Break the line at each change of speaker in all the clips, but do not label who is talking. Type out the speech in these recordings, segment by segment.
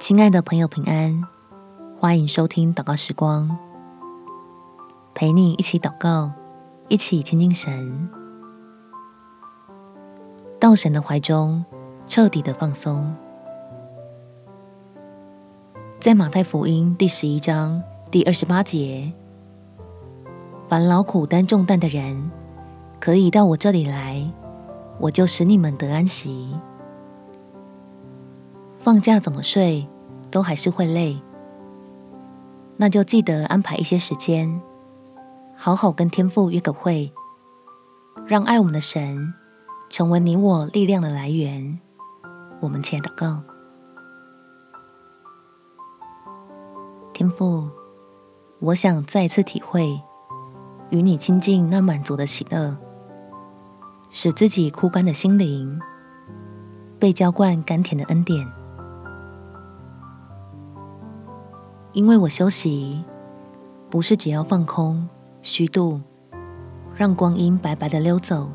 親愛的朋友，平安！歡迎收聽禱告時光，陪你一起禱告，一起親近神，到神的懷中徹底的放鬆。在馬太福音第十一章第二十八節，凡勞苦擔重擔的人，可以到我這裡來，我就使你們得安息。放假怎麼睡，都還是會累？那就記得安排一些時間，好好跟天父約個會，讓愛我們的神成為你我力量的來源。我們且禱告，天父，我想再一次體會與你親近那滿足的喜樂，使自己枯乾的心靈被澆灌甘甜的恩典。因為我休息，不是只要放空、虛度，讓光陰白白地溜走，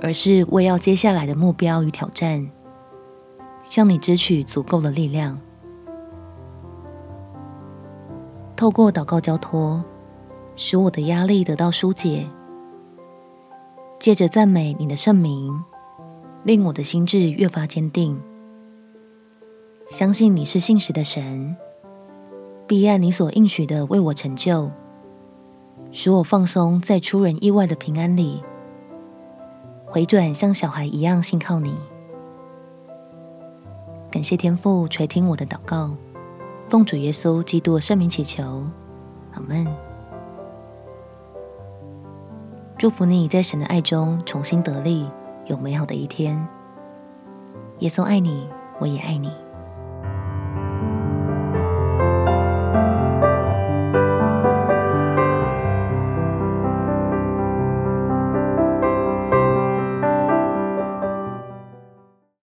而是為要接下來的目標與挑戰，向你支取足夠的力量。透過禱告交託，使我的壓力得到紓解；借着讚美你的聖名，令我的心志越發堅定，相信你是信實的神。必按你所應許的為我成就，使我放鬆在出人意外的平安裡，回轉像小孩一樣信靠你。感謝天父垂聽我的禱告，奉主耶穌基督的聖名祈求，阿門。祝福你在神的愛中重新得力，有美好的一天。耶穌愛你，我也愛你。